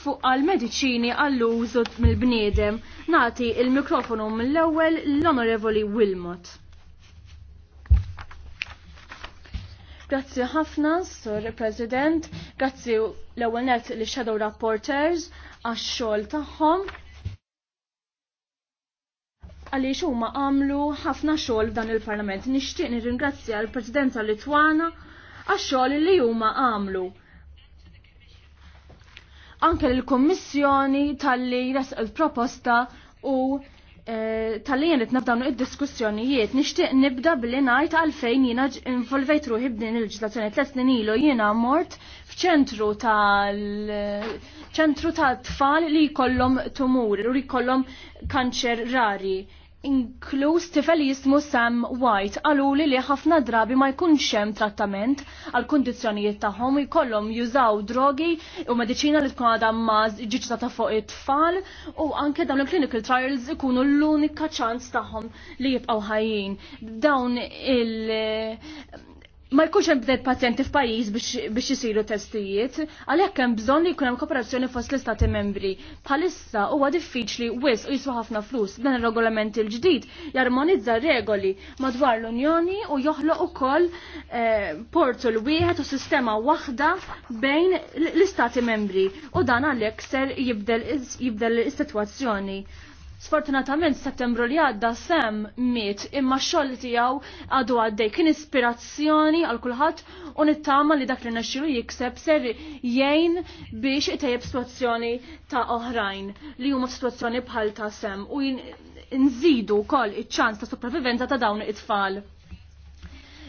fuq għal-medicini għall-użu mill-bniedem. Nati il-mikrofonu mill-ewwel l-Onorevoli Wilmot. Grazzi ħafna, Sur President, grazzi l-ewwel net li Shadow Rapporters għax-xogħol tagħhom għaliex huma għamlu ħafna xogħol f'dan il-Parlament. Nixtieq nirringrazzja l-Presidenza Litwana għax-xogħol li huma għamlu anke l-Kommissjoni tal-li l proposta u eh, tal-li jenet nabdawnu id-diskussjonijiet, nishtiq nibda billi najt għalfejn jina involvejt ruħi b'din il-ġislazzjoni t snin ilu jina mort f'ċentru tal ċentru tal tfal li jkollhom tumur u li jkollhom kanċer rari inkluż tifel jismu Sam White għalu li li ħafna drabi ma jkunx hemm trattament għal kundizzjonijiet tagħhom jkollhom jużaw drogi u mediċina li tkun għadha ma ġiġta ta' fuq it-tfal u anke dawn il-clinical trials ikunu l-unika ċans tagħhom li jibqgħu ħajjin. Dawn il- ma jkunx hemm bdejt pazjenti f'pajjiż biex isiru testijiet, għalhekk hemm bżonn li jkun hemm kooperazzjoni fost l-istati membri. Bħalissa huwa diffiċli wis u jiswa ħafna flus dan ir-regolament il-ġdid jarmonizza regoli madwar l-Unjoni u joħloq ukoll eh, l wieħed u sistema waħda bejn l-istati membri u dan għalhekk ser jibdel is-sitwazzjoni. Sfortunatament settembru li għadda sem miet imma xoll tijaw għadu għaddej kien ispirazzjoni għal kulħadd u nittama li dak li naxilu jikseb ser jgħin biex itejjeb situazzjoni ta' oħrajn li huma situazzjoni bħal ta' sem u nżidu kol iċ-ċans ta' sopravivenza ta' dawn it-tfal.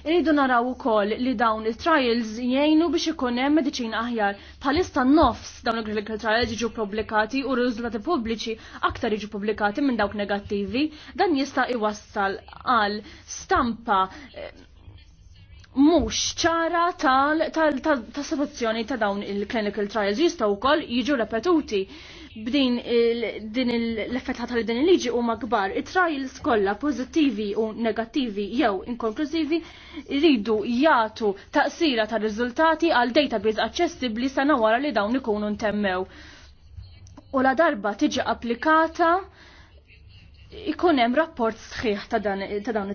Iridu naraw ukoll li dawn il-trials jgħinu biex ikun hemm mediċina aħjar. Palista nofs dawn il-clinical trials jiġu pubblikati u riżultati pubbliċi aktar jiġu pubblikati minn dawk negattivi, dan jista' iwassal għal stampa eh, mhux ċara tal-situazzjoni ta' dawn il-clinical trials jistgħu wkoll jiġu repetuti b'din din l effetta tal din il-liġi huma kbar. It-trials kollha pożittivi u negattivi jew inkonklusivi jridu jagħtu taqsira ta' riżultati għal database aċċessibbli sena wara li dawn ikunu ntemmew. U la darba tiġi applikata ikun hemm rapport sħiħ ta' dawn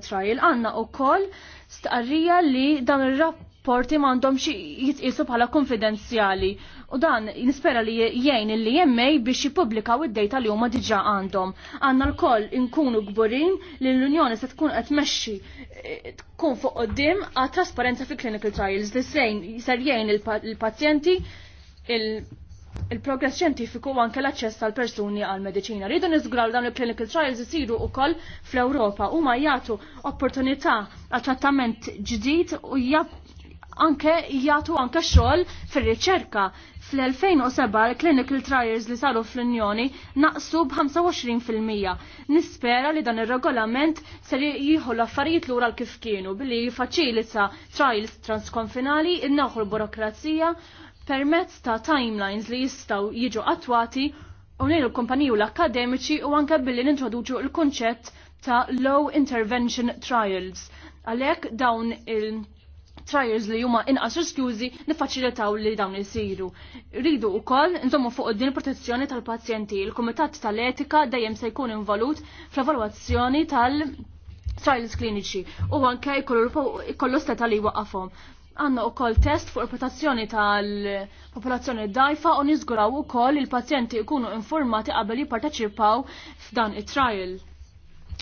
it-trajl. Għandna wkoll stqarrija li dawn ir-rapporti m'għandhomx jitqisu bħala konfidenzjali u dan nispera li jgħin li jemmej biex jippubblikaw id-dejta li huma diġà għandhom. Għandna l-koll inkunu gburin li l-Unjoni se tkun qed tmexxi eh, tkun fuq qoddim għat trasparenza fi clinical trials. The same jser jgħin il-pazjenti il il-progress xjentifiku u anke l-aċċess tal-persuni għal mediċina Rridu niżgraw dawn il-clinical trials isiru wkoll fl-Ewropa huma jagħtu opportunità għal trattament ġdid u anke jagħtu anke xogħol fir-riċerka. Fl-2007 il-clinical trials li saru fl-Unjoni naqsu b-25%. Nispera li dan ir-regolament se jieħu l-affarijiet lura l kif kienu billi jiffaċilita trials transkonfinali, innaħu l-burokrazija permezz ta' timelines li jistaw jiġu attwati u nejlu l-kumpaniju l-akademiċi u anke billi nintroduċu l-konċett ta' low intervention trials. Għalek dawn il- trials li huma inqas riskjużi nifaċilitaw li dawn isiru. Ridu wkoll nżommu fuq din protezzjoni tal-pazjenti. Il-Kumitat tal-Etika dejjem se jkun involut fl-evalwazzjoni tal- trials kliniċi u anke jkollu stata li waqafhom. Għanna u koll test fuq reputazzjoni tal-popolazzjoni dajfa u nizguraw u koll il-pazjenti ikunu informati qabel jipparteċipaw f'dan it-trial.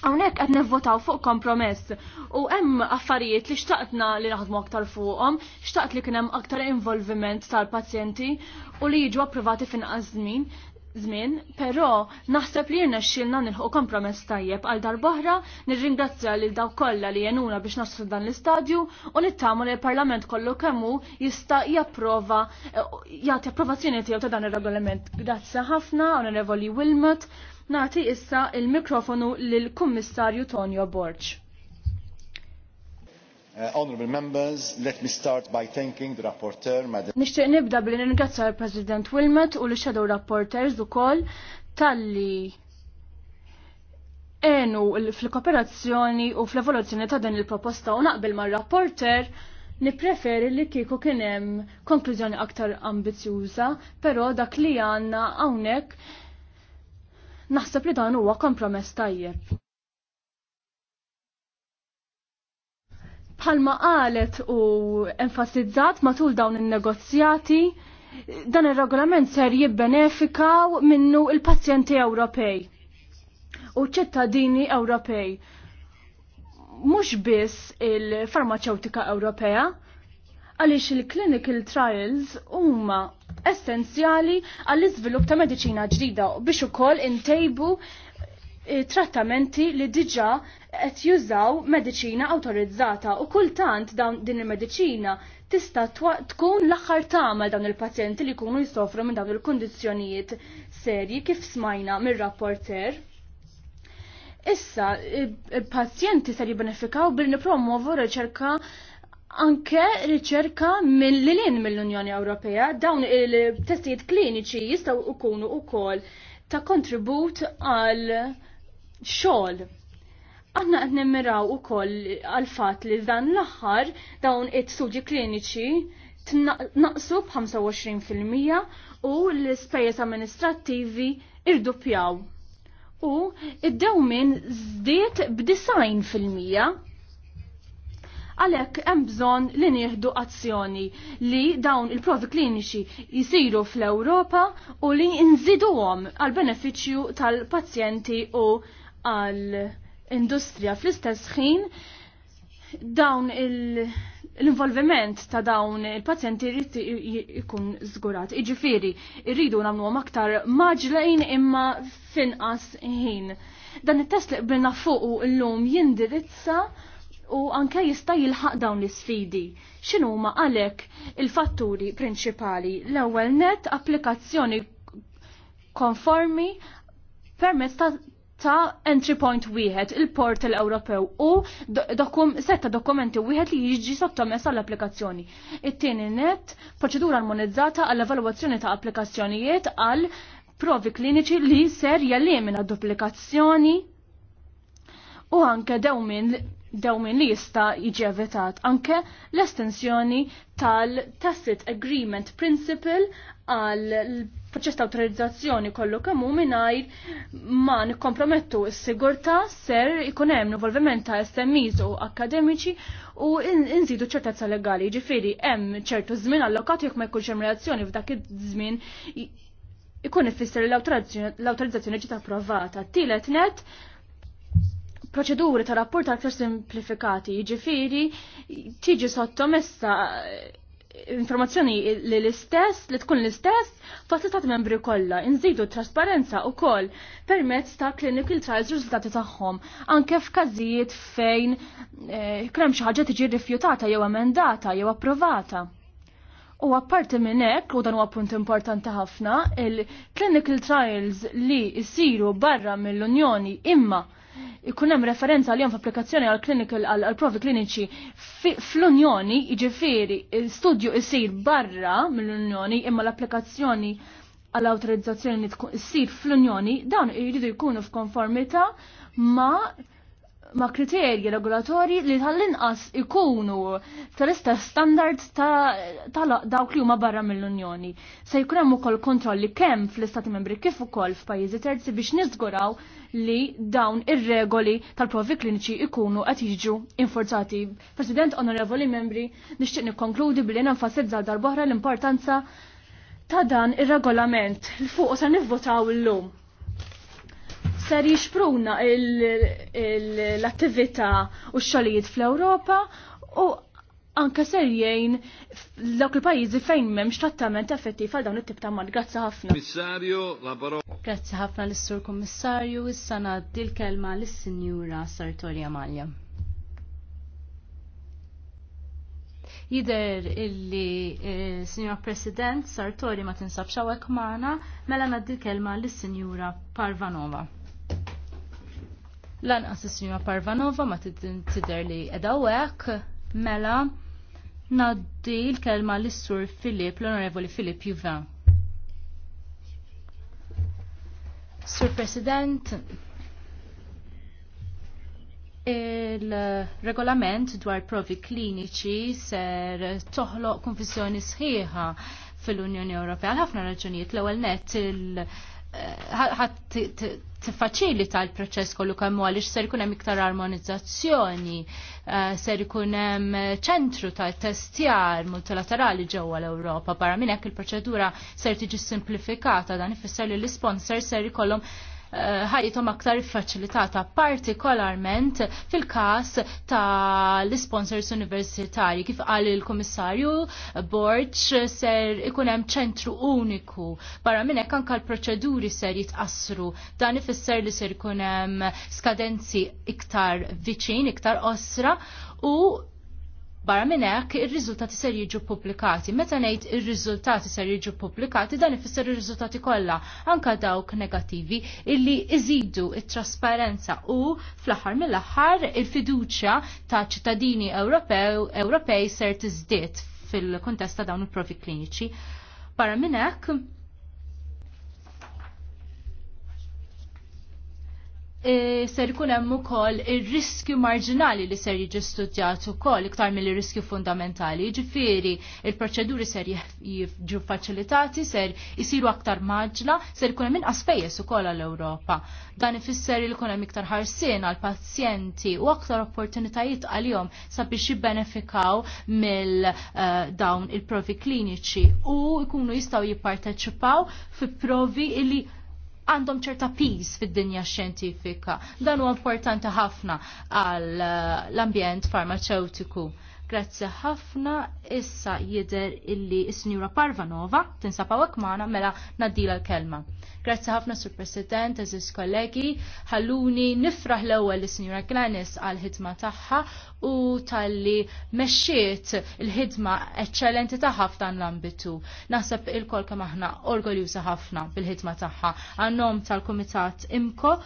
Għonek għed nevvotaw fuq kompromess u hemm affarijiet li xtaqtna li naħdmu aktar fuqhom, xtaqt li kienem aktar involviment tal-pazjenti u li jiġu approvati fin żmien żmien, però naħseb li jirna xilna nilħu kompromess tajjeb għal darbohra nirringrazzja lil daw kollha li jenuna biex naslu dan l-istadju u nittamu li l-Parlament kollu kemmu jista' japprova eh, jagħti approvazzjoni tiegħu ta' dan ir-regolament. Grazzi ħafna, Onorevoli Wilmot, nagħti issa il-mikrofonu lill-Kummissarju Tonio Borġ. Uh, Honourable members, let me start by thanking the rapporteur, Madam. Nixtieq nibda billi ningrazza l-President Wilmet u l-Shadow Rapporteurs ukoll talli enu fil-kooperazzjoni u fl-evoluzzjoni ta' din il-proposta u naqbil mar-rapporter Nipreferi li kieku kien hemm konklużjoni aktar ambizjuża, però dak li għandna hawnhekk naħseb li dan huwa kompromess tajjeb. Palma qalet u enfasizzat matul dawn il-negozjati, dan il-regolament ser jibbenefikaw minnu il-pazjenti Ewropej u ċittadini Ewropej. Mux biss il-farmaceutika Ewropea, għaliex il-clinical trials huma essenzjali għall-iżvilupp ta' mediċina ġdida biex ukoll intejbu trattamenti li diġa qed jużaw mediċina awtorizzata u kultant dawn din il-mediċina tista' tkun l-aħħar tagħmel dawn il-pazjenti li jkunu jsofru minn dawn il-kundizzjonijiet serji kif smajna mir-rapporter. Issa, pazjenti ser jibbenefikaw bil nipromovu riċerka anke riċerka mill-lin mill-Unjoni Ewropea, dawn il-testijiet kliniċi jistgħu jkunu ukoll ta' kontribut għal xogħol. Aħna qed nimmiraw ukoll għal fatt li dan l-aħħar dawn it-studji kliniċi tnaqsu b'25% u l-ispejjeż amministrattivi rduppjaw. U id-dewmin żdiet mija Għalhekk hemm bżonn li nieħdu azzjoni li dawn il-provi kliniċi jisiru fl-Ewropa u li nżiduhom għal benefiċċju tal-pazjenti u għal industrija fl-istess ħin dawn l-involviment ta' dawn il-pazjenti jrid ikun żgurat. Iġifieri, rridu nagħmluhom aktar maġlejn imma finqas ħin. Dan it-test li qbilna fuq illum jindirizza u anke jista' jilħaq dawn l-isfidi. X'inhu huma għalhekk il-fatturi prinċipali? L-ewwel net applikazzjoni konformi permezz ta' ta' entry point wieħed, il-portal Ewropew u dokum, setta dokumenti wieħed li jiġi sottomessa għall applikazzjoni It-tieni net, proċedura armonizzata għall evalwazzjoni ta' applikazzjonijiet għal provi kliniċi li ser jellimina duplikazzjoni u anke dewmin dewmin li jista' jiġi evitat anke l-estensjoni tal-tacit agreement principle għal proċess ta' autorizzazzjoni kollu kemm hu mingħajr ma nikkompromettu s-sigurtà ser ikun hemm involviment ta' SMEs u akademiċi u inżidu ċertezza legali. Ġifieri hemm ċertu żmien allokat jekk ma jkunx hemm reazzjoni f'dak iż-żmien ikun ifisser l-autorizzazzjoni ġiet approvata. Tielet net proċeduri ta' rapport aktar simplifikati, ġifiri, tiġi sottomessa informazzjoni li l-istess, li tkun l-istess, fossi ta' membri kollha. nżidu trasparenza u koll permezz ta' clinical trials riżultati tagħhom. Anke f'każijiet fejn eh, krem xi ħaġa tiġi rifjutata jew emendata jew approvata. U apparti minn hekk, u dan huwa punt importanti ħafna, il-clinical trials li jsiru barra mill-Unjoni imma ikun hemm referenza f f'applikazzjoni għal klinikal għal provi kliniċi fl-Unjoni, jiġifieri studju jsir barra mill-Unjoni imma l-applikazzjoni għal awtorizzazzjoni li fl-Unjoni dawn jridu jkunu f'konformità ma' ma' kriterji regolatori li tal-inqas ikunu tal-istess standards ta' dawk li huma barra mill-Unjoni. Se jkun hemm ukoll kontrolli kemm fl-Istati Membri kif ukoll f'pajjiżi terzi biex niżguraw li dawn ir-regoli tal-provi kliniċi ikunu qed jiġu infurzati. President Onorevoli Membri, nixtieq nikkonkludi billi nenfasizza darb'oħra l-importanza ta' dan ir-regolament l fuq se nivvotaw illum ser jixpruna l-attività u x-xogħlijiet fl-Ewropa u anka ser jgħin dawk il-pajjiżi fejn m'hemmx trattament effettiv għal dawn it-tip ta' mart. Grazzi ħafna. Kummissarju, la Grazzi ħafna lis-Sur Kummissarju, issa ngħaddi l-kelma lis-Sinjura Sartoria Malja. jider illi e, eh, Signora President Sartori ma tinsabx hawnhekk maħna, mela ngħaddi kelma lis-Sinjura Parvanova lanqas is Parvanova ma tidher li edawek. mela naddi l-kelma lis-Sur Filip, l-Onorevoli Filip Juvin. Sur President, il-regolament dwar provi kliniċi ser toħloq konfessjoni sħiħa fil-Unjoni Ewropea. Ħafna raġunijiet l-ewwel net il tiffaċilita l-proċess kollu kemm għaliex ser ikun hemm iktar armonizzazzjoni, eh, ser ikun hemm ċentru ta' testjar multilaterali ġewwa l-Ewropa barra minn hekk il-proċedura ser tiġi simplifikata dan ifisser li l-isponsor ser ikollhom ħajjithom aktar faċilitata partikolarment fil-każ ta' l-sponsors universitari kif qal il-Kummissarju Borċ ser ikun hemm ċentru uniku barra minn hekk anke l-proċeduri ser jitqassru dan ifisser li ser ikun hemm skadenzi iktar viċin, iktar osra u Barra minnek, il ir-riżultati ser jiġu publikati. Meta ngħid ir-riżultati ser jiġu publikati, dan ifisser ir-riżultati kollha, anke dawk negativi illi iżidu il trasparenza u fl-aħħar mill-aħħar il-fiduċja ta' ċittadini Ewropej ser tiżdied fil-kuntest ta' dawn il-provi kliniċi. Barra minn hekk E, ser ikun hemm ukoll ir-riskju marġinali li ser jiġi studjat ukoll iktar mill-riskju fundamentali. Ġifieri il-proċeduri ser jiġu faċilitati, ser isiru aktar maġla, ser ikun hemm inqas pejjeż ukoll għall-Ewropa. Dan ifisser li jkun hemm iktar ħarsien għall-pazjenti u aktar opportunitajiet għalihom sabiex jibbenefikaw mill e, dawn il-provi kliniċi u jkunu jistgħu jipparteċipaw fi provi li għandhom ċerta piż fid-dinja xjentifika. Dan huwa importanti ħafna għall eh, l-ambjent farmaceutiku. Grazzi ħafna, issa jider illi s-Sinjura Parvanova, tinsabawak maħna mela naddila l-kelma. Grazzi ħafna, Sur President, eżis kollegi, ħalluni nifraħ l-ewel l-Sinjura Glenis għal-ħidma taħħa u tal-li meċċiet il-ħidma eċċellenti taħħa f'dan l-ambitu. Naħseb il-kol kem aħna orgoljuza ħafna bil-ħidma taħħa għannom tal kumitat IMKO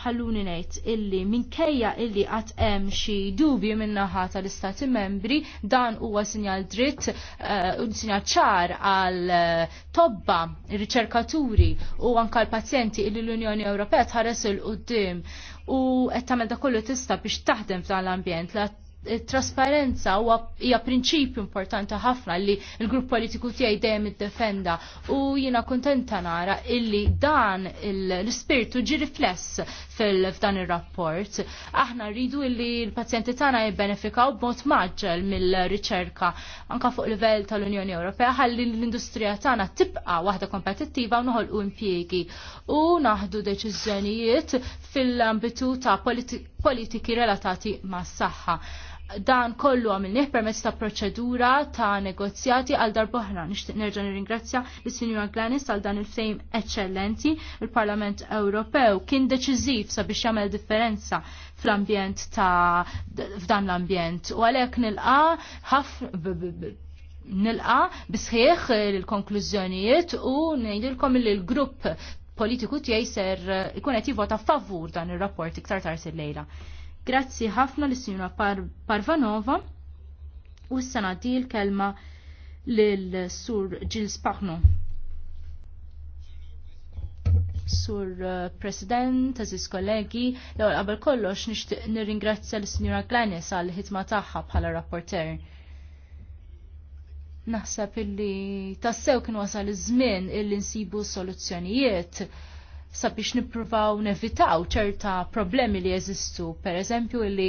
ħalluni ngħid illi minkejja illi qatt hemm xi dubji min-naħa tal-Istati Membri dan huwa sinjal dritt u uh, eh, sinjal ċar għal eh, tobba riċerkaturi u anke l-pazjenti illi l-Unjoni Ewropea tħares il qudiem u qed tagħmel kollu tista' biex taħdem f'dan l-ambjent trasparenza hija prinċipju importanti ħafna li l-grupp politiku tiegħi dejjem iddefenda u jiena kuntenta nara illi dan l-ispirtu ġi rifless f'dan ir-rapport. Aħna rridu illi l-pazjenti tagħna jibbenefikaw b'mod maġġel mill-riċerka anka fuq livell tal-Unjoni Ewropea ħalli l-industrija tagħna tibqa' waħda kompetittiva u noħolqu impjiegi u naħdu deċiżjonijiet fil-ambitu ta' politiki relatati mas-saħħa dan kollu għamilnieh permezz ta' proċedura ta' negozjati għal darboħra. Nixtieq nerġa' nirringrazzja l sinjura Glanis għal dan il-fejm eċċellenti. Il-Parlament Ewropew kien deċiżiv sabiex jagħmel differenza fl-ambjent ta' f'dan l-ambjent. U għalhekk nilqa' ħaf nilqa bisħieħ l-konklużjonijiet u ngħidilkom li l-grupp politiku tiegħi ser ikun qed jivota favur dan ir-rapport iktar tard lejla Grazzi ħafna l sinjura Parvanova u s-sanati l-kelma l-sur Gil Spahno. Sur uh, President, aziz kollegi, l-għol qabel kollox nir nirringrazzja l-Sinjura Glanis għal ħitma tagħha bħala rapporter. Naħseb illi tassew kien wasal iż-żmien illi nsibu soluzzjonijiet sabiex nippruvaw nevitaw ċerta problemi li jeżistu, per eżempju li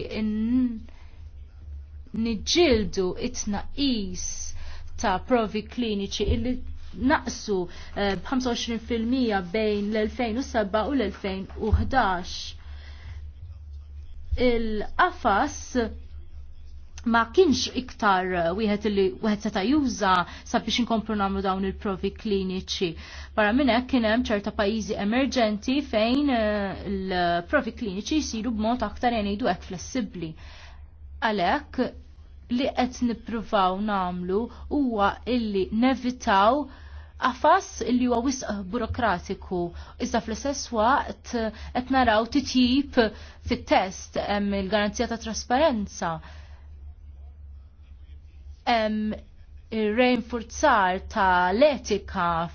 nġildu it is ta' provi kliniċi illi naqsu eh, b-25% bejn l-2007 u l-2011. Il-qafas ma kienx iktar eh, wieħed li wieħed seta' juża sabiex inkomplu nagħmlu dawn il-provi kliniċi. Barra minn hekk kien hemm ċerta pajjiżi emerġenti fejn eh, il-provi kliniċi jsiru b'mod aktar jgħin jgħidu hekk flessibbli. Għalhekk li qed nippruvaw nagħmlu huwa illi nevitaw għafas li huwa wisq burokratiku. Iżda fl-istess waqt qed naraw titjib fit-test hemm il-garanzija ta' trasparenza hemm reinforzar ta' l-etika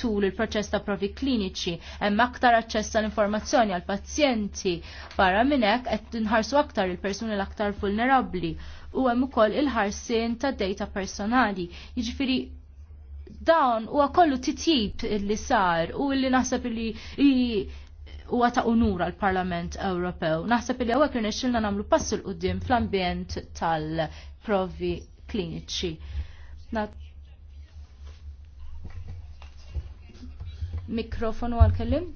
tul il-proċess ta' provi kliniċi hemm aktar aċċess tal informazzjoni għal pazjenti barra minn hekk qed inħarsu aktar il-persuni l-aktar vulnerabbli u hemm ukoll il-ħarsien ta' data personali. Jiġifieri dawn huwa kollu titjib li sar u li naħseb li huwa ta' unur għal Parlament Ewropew. Naħseb li hawnhekk irnexxilna nagħmlu pass il qudiem fl-ambjent tal-provi kliniċi. Mikrofonu għal-kellim?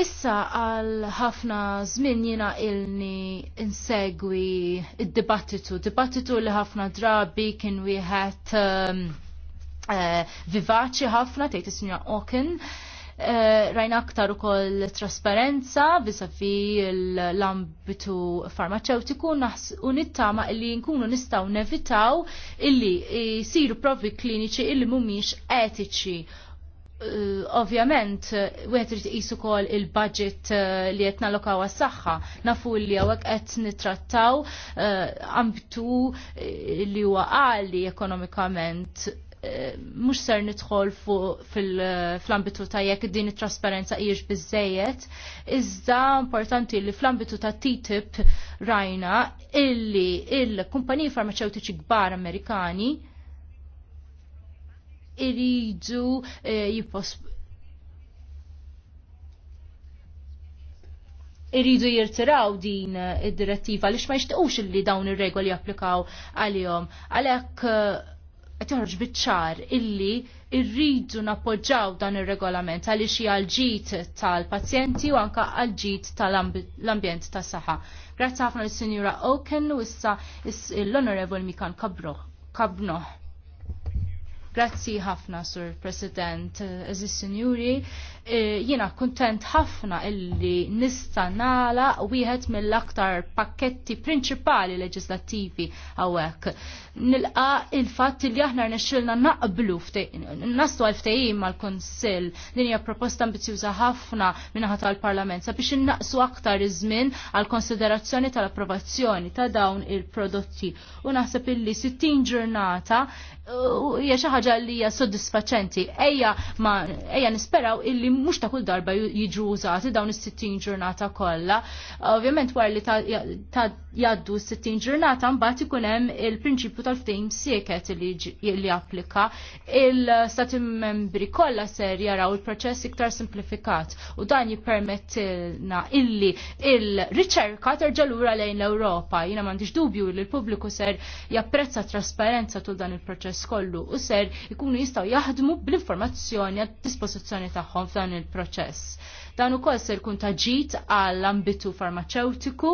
Issa għal ħafna żmien jina ilni insegwi id-dibattitu, dibattitu li ħafna drabi kien wieħed um, uh, vivaċi ħafna tgħid is-sinja Oken. Eh, rajna aktar ukoll trasparenza fi l-ambitu farmaceutiku u nittama illi nkunu nistaw nevitaw illi jisiru provi kliniċi illi mumiex etiċi. Uh, Ovvjament, wieħed rrit jisu kol il-budget uh, li qed nalokaw s saħħa Nafu li hawnhekk qed nittrattaw uh, ambitu li huwa għali ekonomikament Eh, mux ser nidħol eh, fl-ambitu ta' jek din it-trasparenza hijiex bizzejet, iżda importanti li fl-ambitu ta' TTIP rajna illi il-kumpaniji farmaceutiċi kbar Amerikani iridu eh, jipos iridu jirtiraw din id-direttiva li ma jixtiqux li dawn ir-regoli japplikaw għalihom. Għalhekk toħroġ biċ-ċar illi irridu nappoġġaw dan ir-regolament għaliex hija l tal-pazjenti u anka għal tal-ambjent tas-saħħa. Grazzi ħafna lis-Sinjura Oken u issa l honorable Mikan Kabnoħ. Grazzi ħafna, Sur President, eżis Sinjuri, Eh, jiena kuntent ħafna illi nista nala wieħed mill-aktar pakketti prinċipali leġislattivi għawek. Nilqa il-fatt li aħna rnexxilna naqblu naslu għal ftehim mal-Kunsill din hija proposta ambizjuża ħafna minnaħa tal-Parlament sabiex innaqsu aktar iż-żmien għal konsiderazzjoni tal-approvazzjoni ta' dawn il-prodotti u naħseb illi 60 ġurnata eh, hija xi ħaġa li hija soddisfaċenti. Ejja ma ejja nisperaw illi mux mhux ta' kull darba jiġu użati dawn is-60 ġurnata kollha. Ovvjament wara li ta' jaddu 60 ġurnata mbagħad ikun hemm il-prinċipju tal-ftehim sieket li applika. Il-stati membri kollha ser jaraw il-proċess iktar simplifikat u dan jippermettilna illi il-riċerka terġa' lura lejn l-Ewropa. Jiena m'għandix dubju li l-pubbliku ser japprezza trasparenza tul dan il-proċess kollu u ser ikunu jistgħu jaħdmu bl-informazzjoni għad dispożizzjoni tagħhom f'dan il-proċess. Dan ukoll se jkun taġit għall-ambitu farmaceutiku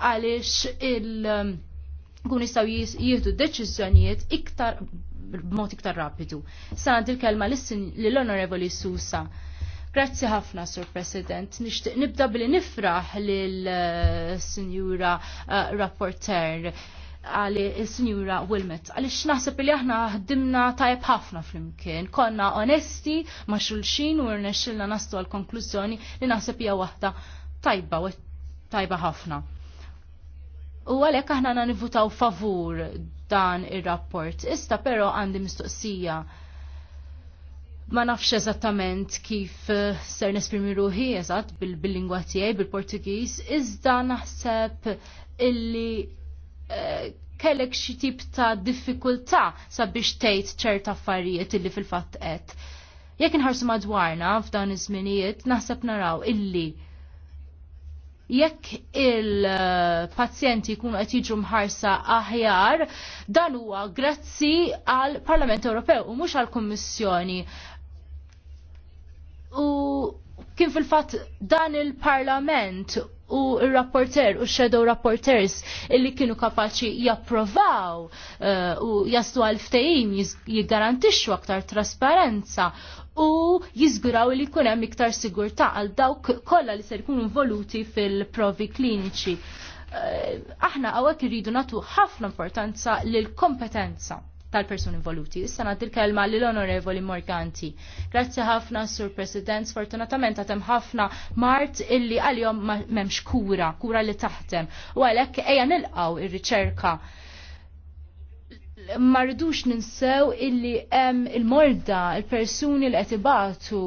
għaliex il- um, kun jistaw jieħdu deċiżjonijiet iktar b'mod iktar rapidu. Sanad il-kelma l-Onorevoli Susa. Grazzi ħafna, Sur President. Nixtieq nibda billi nifraħ lil uh, Sinjura uh, Rapporter għali il-Sinjura Wilmet. Għalix naħseb li aħna ħdimna tajb ħafna fl-imkien. Konna onesti ma' xulxin u rnexxilna nastu għal-konklużjoni li naħseb hija waħda tajba u tajba ħafna. U għalek aħna għana nivutaw favur dan ir-rapport. Ista pero għandi mistoqsija ma nafx eżattament kif eh, ser nesprimi ruħi eżatt bil-lingwa tiegħi bil-Portugiż, iżda naħseb illi kellek xi tip ta' diffikultà sabiex tgħid ċerta affarijiet illi fil-fatt qed. Jekk inħarsu madwarna f'dawn iż-żminijiet naħseb naraw illi jekk il-pazjenti jkunu qed jiġu mħarsa aħjar, dan huwa grazzi għal Parlament Ewropew u mhux għall Kummissjoni. U kien fil-fatt dan il-Parlament u il-rapporter u shadow rapporters illi kienu kapaċi japprovaw eh, u jaslu għal ftehim jiggarantixxu aktar trasparenza u jizguraw li kun hemm iktar sigurtà għal dawk kollha li ser jkunu involuti fil-provi kliniċi. Eh, aħna għawek irridu natu ħafna importanza lil kompetenza tal-persuni involuti. Issa naddi l-kelma l-Onorevoli Morganti. Grazzi ħafna, Sur President, sfortunatament għatem ħafna mart illi għal-jom memx kura, kura li taħtem. U għalek eja nilqaw il riċerka ma rridux ninsew illi hemm il-morda, il-persuni li qed ibatu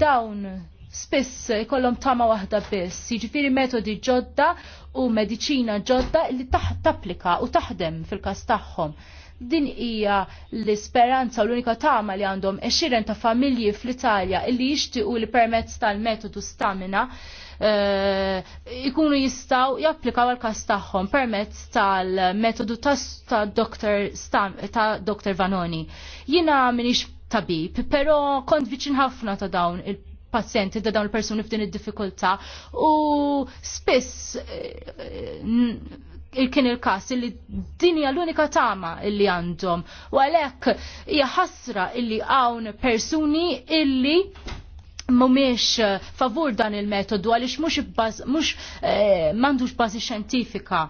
dawn spiss ikollhom tama waħda biss, jiġifieri metodi ġodda u mediċina ġodda li taħt tapplika u taħdem fil-każ tagħhom. Din hija l-isperanza u l-unika tama li għandhom eċiren ta' familji fl-Italja illi jixtiequ li permezz tal-metodu stamina eh, ikunu jistaw japplikaw għal-kas tagħhom permezz tal-metodu ta' Dr. ta' Dr. Vanoni. Jina minix tabib, pero kont viċin ħafna ta' dawn il-pazjenti, ta' dawn il-persuni f'din id-diffikultà u spiss eh, Il kien il-kas li dinja l-unika tama illi għandhom. U għalek hija ħasra illi hawn persuni illi mumiex eh, favur dan il-metodu għalix mux, baz, mux eh, mandux bazi xentifika.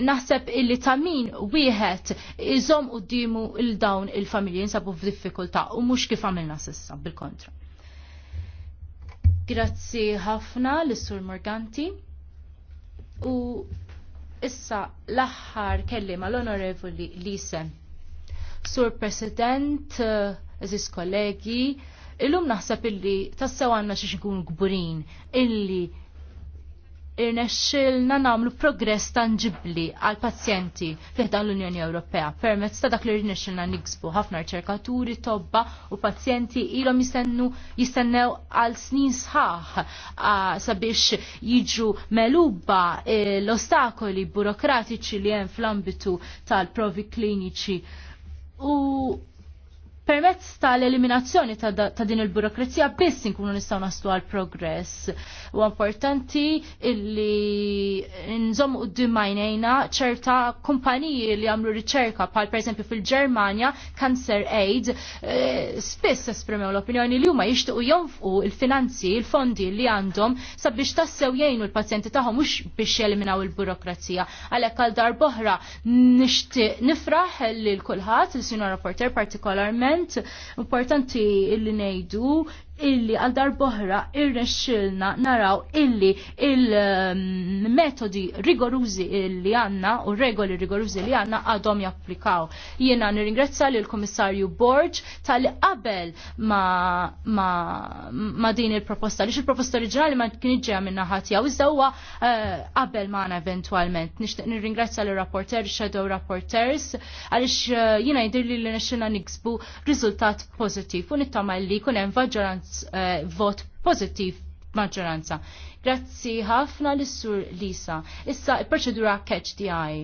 Naħseb illi tamin wieħed iżom u dimu il-dawn il-familji jinsabu f'diffikultà u mux kif għamilna sissa bil-kontra. Grazzi ħafna l-Sur Morganti u Issa l-aħħar kellima l-Onorevoli Lise. Sur President, eh, eżis kollegi, illum naħseb illi tassew għanna xiex nkunu gburin illi irnexxilna namlu progress tangibli għal pazjenti fiħdan l-Unjoni Ewropea permezz ta' dak li rnexxilna niksbu ħafna riċerkaturi, tobba u pazjenti ilhom jistennu jistennew għal snin sħaħ sabiex jiġu meluba e, l-ostakoli burokratiċi li hemm fl-ambitu tal-provi kliniċi u ta' tal-eliminazzjoni ta', ta din il-burokrazija biss inkunu nistgħu naslu għal progress. U importanti illi nżomm qudiem majnejna ċerta kumpaniji li għamlu riċerka bħal pereżempju fil-Ġermanja Cancer Aid eh, spiss esprimew l-opinjoni li huma jixtiequ jonfqu il-finanzi, il-fondi li għandhom sabiex tassew jgħinu l-pazjenti tagħhom mhux biex jeliminaw il-burokrazija. Għalhekk għal boħra nixtieq nifraħ lil kulħadd, il-Sinjor Rapporter partikolarment, Importanti illi nejdu illi għal darboħra irrexxilna naraw illi il-metodi rigorużi illi għanna u regoli rigorużi li għanna għadhom japplikaw. Jiena nirringrazzja li l-Komissarju Borġ tal qabel ma, ma, ma din il-proposta li il-proposta oriġinali ma kienx minna ħatja u iżda huwa eh, qabel uh, magħna eventwalment. Nixtieq nirringrazzja li rapporter shadow rapporters għaliex eh, jiena jidir li nexxilna niksbu rizultat pozitif u nittama li kunem hemm Eh, vot pozittiv maġġoranza. Grazzi ħafna l-sur Lisa. Issa il-proċedura catch the eye.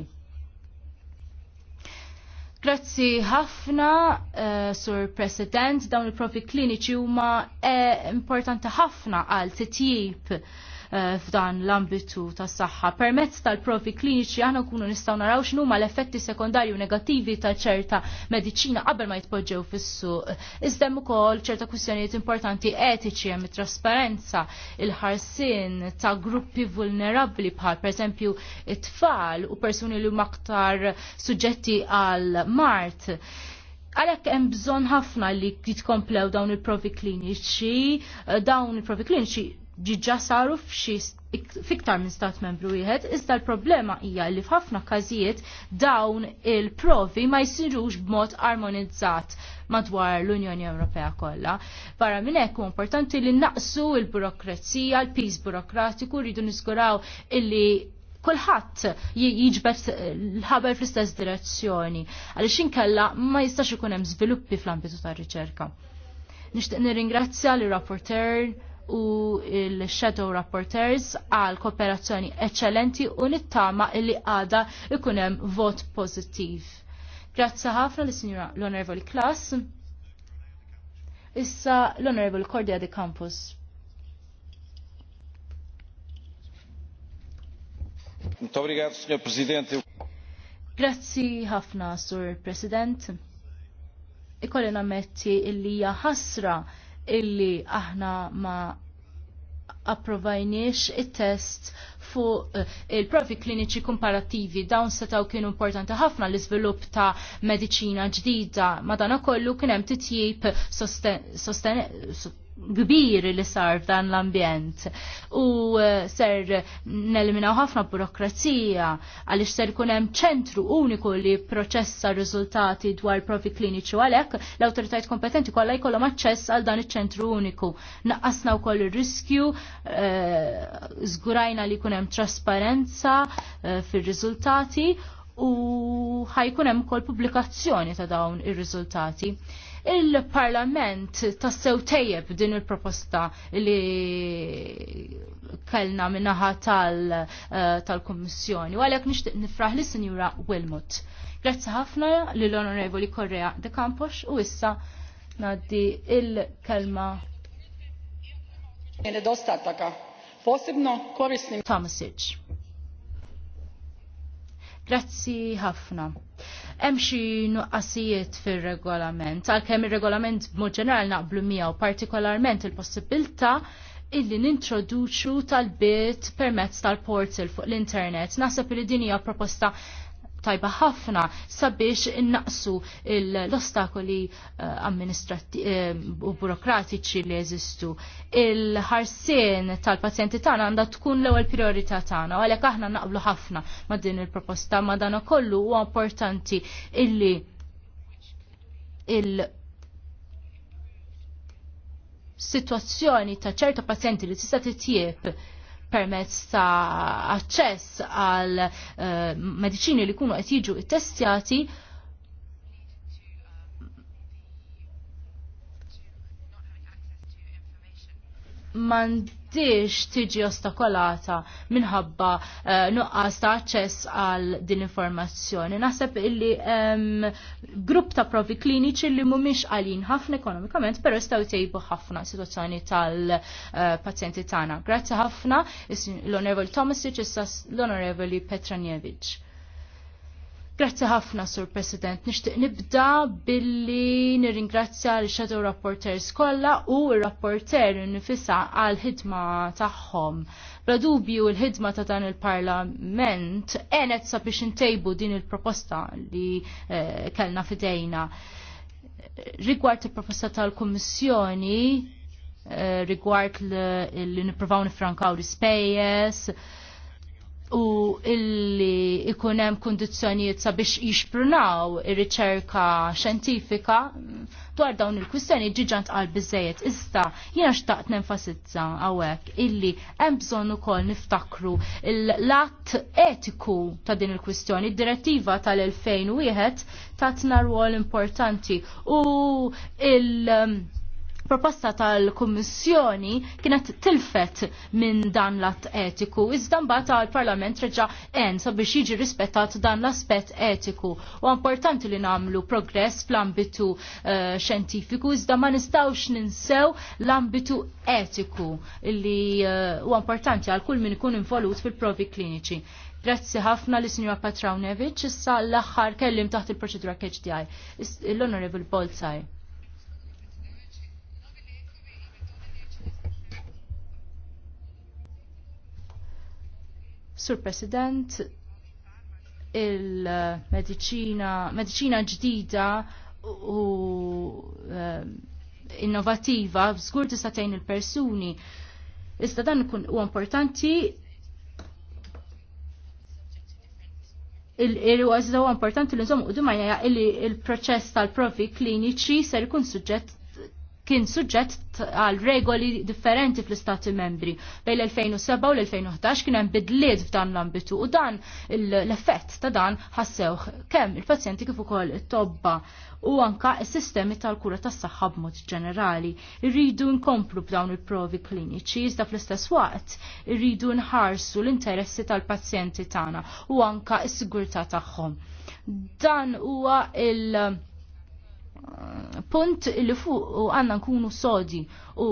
Grazzi ħafna, uh, Sur President, dawn il-profi kliniċi huma eh, importanti ħafna għal titjib Eh, f'dan l-ambitu tas saħħa. Permezz tal-provi kliniċi aħna nkunu nistgħu naraw x'inhu ma l-effetti sekondarju negattivi ta' ċerta medicina qabel ma jitpoġġew fis-suq. Iżda hemm ukoll ċerta kwistjonijiet importanti etiċi hemm it-trasparenza, il-ħarsien ta' gruppi vulnerabbli bħal pereżempju it-tfal u persuni li huma aktar suġġetti għal mart għalek hemm bżonn ħafna li jitkomplew dawn il-provi kliniċi, eh, dawn il-provi kliniċi ġiġa saru f'xi fiktar minn stat membru wieħed, iżda l-problema hija li f'ħafna każijiet dawn il-provi ma jsirux b'mod armonizzat madwar l-Unjoni Ewropea kollha. Barra minn hekk importanti li naqsu l-burokrazija, l-piż burokratiku, rridu niskuraw illi kulħadd jiġbed l-ħaber fl-istess direzzjoni għaliex inkella ma jistax ikun hemm żviluppi fl-ambitu tar-riċerka. Nixtieq nirringrazzja l-rapporter u il-Shadow Rapporteurs għal kooperazzjoni eccellenti u nittama illi għada ikunem vot pozittiv. Grazzi ħafna l-Sinjura l-Honorable Klas. Issa l-Honorable Cordia de Campus. Grazzi ħafna, Sur President. Ikolli nammetti illi ħasra illi aħna ma approvajniex il-test fuq eh, il-provi kliniċi komparativi dawn setaw kienu importanti ħafna l iżvilupp ta' medicina ġdida madana kollu kienem titjib sosten, sosten, kbir li sar f'dan l-ambjent u eh, ser neliminaw ħafna burokrazija għaliex ser ikun hemm ċentru uniku li proċessa riżultati dwar provi kliniċi u għalhekk l-awtoritajiet kompetenti kollha jkollhom aċċess għal dan iċ-ċentru uniku. Naqqasna wkoll ir-riskju eh, żgurajna li jkun hemm trasparenza eh, fir-riżultati u ħajkun hemm ukoll pubblikazzjoni ta' dawn ir-riżultati. Il-Parlament tassew tejjeb din il-proposta li kellna minnaħa tal-Kommissjoni. Tal eh, u għalek nishtiq nifraħ li Sinjura Wilmut. Grazzi ħafna li l-Onorevoli Korea de Campos u issa naddi il-kelma. Nedostataka. Posibno Thomas Tomasic. Grazzi ħafna. Hemm xi nuqqasijiet fir-regolament, għalkemm ir-regolament mod ġenerali naqblu miegħu partikolarment il-possibilità illi nintroduċu tal-bit permezz tal-portal fuq l-internet. Naħseb li din hija proposta tajba ħafna sabiex innaqsu l-ostakoli eh, eh, u burokratiċi li jeżistu. Il-ħarsien tal-pazjenti tagħna għandha tkun l-ewwel priorità tagħna, għalhekk aħna naqblu ħafna ma' din il-proposta ma' dan ukollu huwa importanti illi il- situazzjoni ta' ċerta pazjenti li tista' titjieb permezz ta' access għal eh, medicini li kunu qed jiġu ittestjati testjati mandiġ tiġi ostakolata minħabba uh, nuqqas ta' aċċess għal din informazzjoni. Naħseb illi um, grupp ta' provi kliniċi li mumiex għalin ħafna ekonomikament, pero jistaw tejbu ħafna situazzjoni tal eh, pazienti uh, tagħna. Grazzi ħafna l-Onorevoli Tomasic l-Onorevoli Petranjevic. Grazzi ħafna, Sur President. Nixtieq nibda billi nirringrazzja l shadow Rapporters kollha u r-rapporter nifissa għal ħidma tagħhom. Bla dubju l-ħidma ta' dan il-Parlament għenet sabiex intejbu din il-proposta li eh, kellna fidejna. Rigward il-proposta tal-Kummissjoni, eh, rigward li niprofawni nifrankaw l-ispejjeż, u illi ikunem kondizjonijiet sabiex jixprunaw ir-riċerka xjentifika dwar dawn il-kwistjoni ġiġant għal bizzejiet. Ista jiena xtaqt nenfasizza għawek illi hemm bżonn ukoll niftakru l-att etiku ta' din il-kwistjoni. Direttiva tal-2001 tatna rwol importanti u il- il-proposta tal-Kummissjoni kienet tilfet minn dan l-att etiku. Iżda mbagħad għall-Parlament reġa' en sabiex jiġi rispettat dan l-aspett etiku. U importanti li nagħmlu progress fl-ambitu eh, xjentifiku iżda ma nistgħux ninsew l-ambitu etiku li eh, huwa importanti għal kull min ikun involut fil-provi kliniċi. Grazzi ħafna li Sinjora Patrawnevic, issa l-axħar kellim taħt il-proċedura KHDI, l-Honorable Bolzaj. Sur President, il-medicina medicina ġdida u uh, innovativa żgur tista' tgħin il-persuni. Iżda dan ikun huwa importanti il-għazda huwa importanti l nżommu u dumajja li il-proċess tal-provi kliniċi ser ikun suġġett kien suġġett għal regoli differenti fl-istati membri. Bejn l-2007 u l-2011 kien hemm bidliet f'dan l-ambitu u dan l-effett ta' dan ħassew kemm il-pazjenti kif ukoll it-tobba u anka s-sistemi tal-kura tas-saħħa b'mod ġenerali. Irridu nkomplu b'dawn il-provi kliniċi iżda fl-istess waqt irridu nħarsu l-interessi tal-pazjenti tagħna u anka s-sigurtà tagħhom. Dan huwa il- punt li fuq għanna nkunu sodi u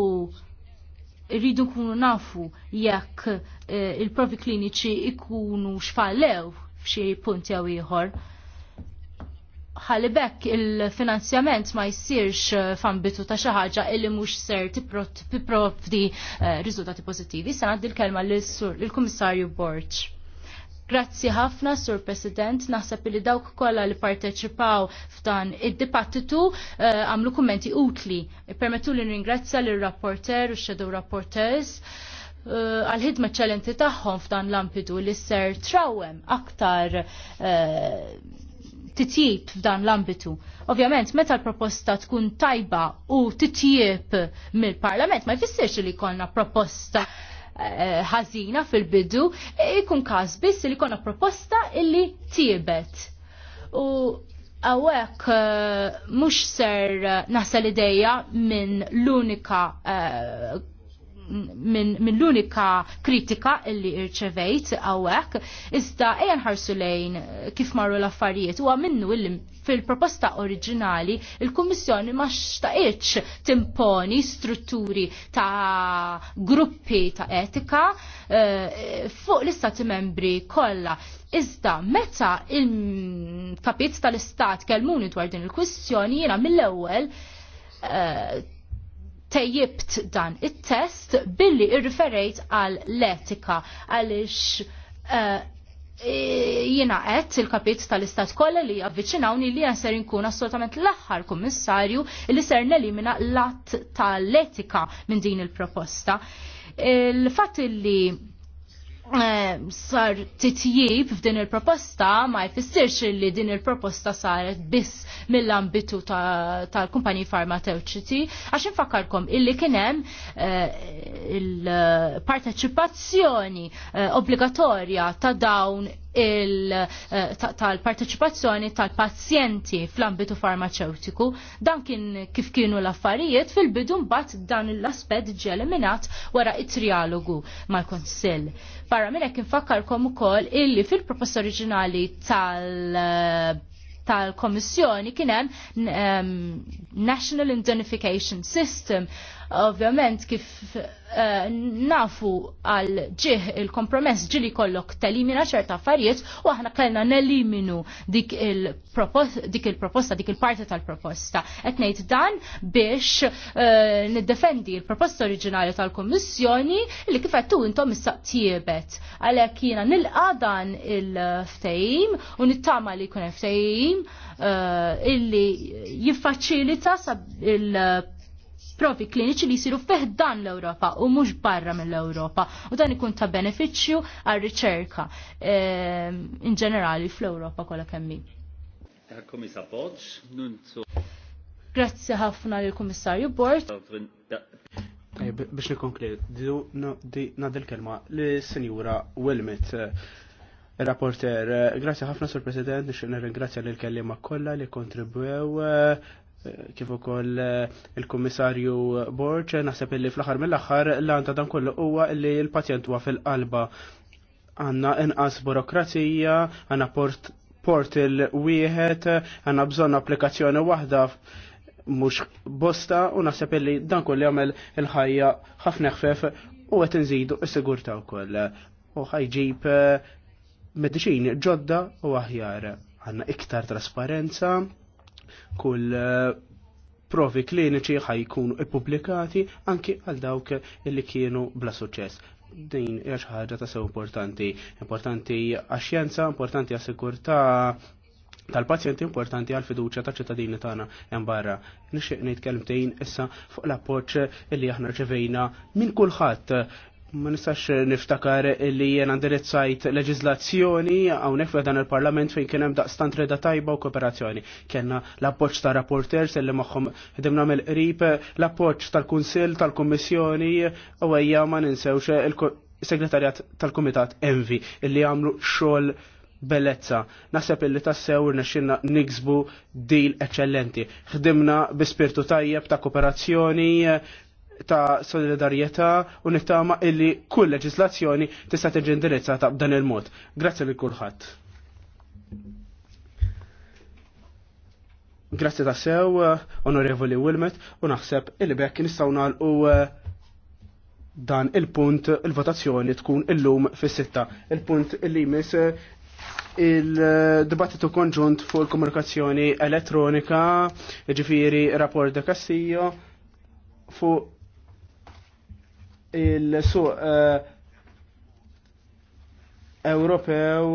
rridu nkunu nafu jekk eh, il-provi kliniċi ikunu xfallew f'xi punt jew ieħor. Ħalli bekk il-finanzjament ma jsirx eh, f'ambitu ta' xi ħaġa illi mhux ser tipprovdi eh, riżultati pożittivi. Issa ngħaddi l-kelma lill-Kummissarju Borċ. Grazzi ħafna, Sur President, naħseb li dawk kollha li parteċipaw f'dan id-dibattitu eh, għamlu kummenti utli. Permettu li ringrazzja l-rapporter u shadow rapporters eh, għal-ħidma ċalenti tagħhom f'dan l-ampidu li ser trawem aktar eh, titjib f'dan l-ambitu. Ovvjament, meta l-proposta tkun tajba u titjib mill-parlament, ma jfissirx li konna proposta Eh, ħażina fil-bidu, ikun każ biss li kona proposta illi tiebet. U għawek eh, mux ser eh, l ideja minn l-unika minn l-unika kritika illi irċevejt għawek, iżda ejja ħarsu lejn eh, kif marru l-affarijiet u minnu illi fil-proposta oriġinali il-Kummissjoni ma xtaqiċ timponi strutturi ta' gruppi ta' etika eh, fuq l-istati membri kollha. Iżda meta il-kapit tal-istat kelmuni dwar din il-kwistjoni jiena mill-ewwel eh, tejjibt dan it-test billi irriferejt għal l-etika għalix eh, jina għet il-kapit tal-istat kolla li avvicinawni li għan ser jinkun assolutament l-axħar kommissarju li ser nelimina l-att tal-etika minn din il-proposta. Il-fat li Eh, sar titjib f'din il-proposta ma jfissirx li din il-proposta saret biss mill-ambitu tal-kumpanji farmaceutici għax infakarkom illi kienem eh, il-parteċipazzjoni eh, obbligatorja ta' dawn Eh, tal-parteċipazzjoni tal-pazjenti fl-ambitu farmaceutiku. Dan kien kif kienu l-affarijiet fil-bidu mbagħad dan l-aspett ġie eliminat wara it-trialogu mal-Konsill. Barra minn hekk infakkarkom ukoll illi fil-proposta oriġinali tal- eh, tal-Komissjoni kien hemm um, National Identification System Ovvjament kif uh, nafu għal ġih il-kompromess ġili kollok telimina ċerta affarijiet u aħna kellna neliminu dik il-proposta, dik il parti tal-proposta. Qed ngħid dan biex uh, niddefendi il-proposta oriġinali tal-Kommissjoni li kif qed intom issa tiebet. Għalhekk jiena nilqa dan il-ftehim u nittama li jkun ftejim uh, eh, illi jiffaċilita il- provi kliniċi li jisiru fih dan l-Ewropa u mhux barra mill-Ewropa u dan ikun ta' benefiċċju għar-riċerka ehm, in ġenerali fl-Ewropa kollha kemmi. Grazzi ħafna lill kummissarju Bort. Biex di nadil kelma li senjura Wilmet. Eh, rapporter, eh, grazie ħafna sur President, nixin ringrazzja l-kellima kollha li kontribwew eh, kif ukoll eh, il-Kummissarju Borċ naħseb illi fl-aħħar mill-aħħar l-għanta dan kollu huwa li l-pazjent huwa fil-qalba għanna inqas burokrazija, għanna port, portal wieħed, għanna bżonn applikazzjoni waħda mhux bosta u naħseb illi dan kollu jagħmel il-ħajja ħafna ħfef u qed inżidu s-sigurtà wkoll. U ħajġib eh, mediċini ġodda u aħjar. Għanna iktar trasparenza, Kull eh, provi kliniċi ħajkunu ippubblikati anki għal dawk li kienu bla suċċess. Din hija xi ħaġa ta' sew importanti, importanti għax-xjenza, importanti għas-sigurtà tal-pazjenti importanti għal fiduċa ta' ċittadini tagħna hemm barra. Nixtieq nitkellem tgħin issa fuq l-appoġġ illi aħna rċevejna minn kulħadd Ma nistax niftakar li jena ndirizzajt leġizlazzjoni għawnek f'dan il-parlament fejn kienem daqstant reda tajba u kooperazzjoni. Kienna l-appoċ ta' rapporters li maħħom dimna mill-qrib, l-appoċ tal-Kunsil, tal-Kommissjoni u għajja ma ninsewx il-Segretarjat tal-Komitat Envi illi għamlu xol bellezza. Naseb illi tassew nexxinna niksbu dil eccellenti. Ħdimna bi spirtu tajjeb ta' kooperazzjoni ta' solidarieta u nittama illi kull leġislazzjoni tista' tiġi indirizzata b'dan il-mod. Grazzi lil kulħadd. Grazzi ta' sew, uh, onorevoli Wilmet, u naħseb illi bekk nistgħu nagħlqu uh, dan il-punt il-votazzjoni tkun illum fis-sitta. Il-punt illi jmiss uh, il-dibattitu konġunt fuq il-komunikazzjoni elettronika, ġifiri rapport de Castillo, fuq il-suq eh, Ewropew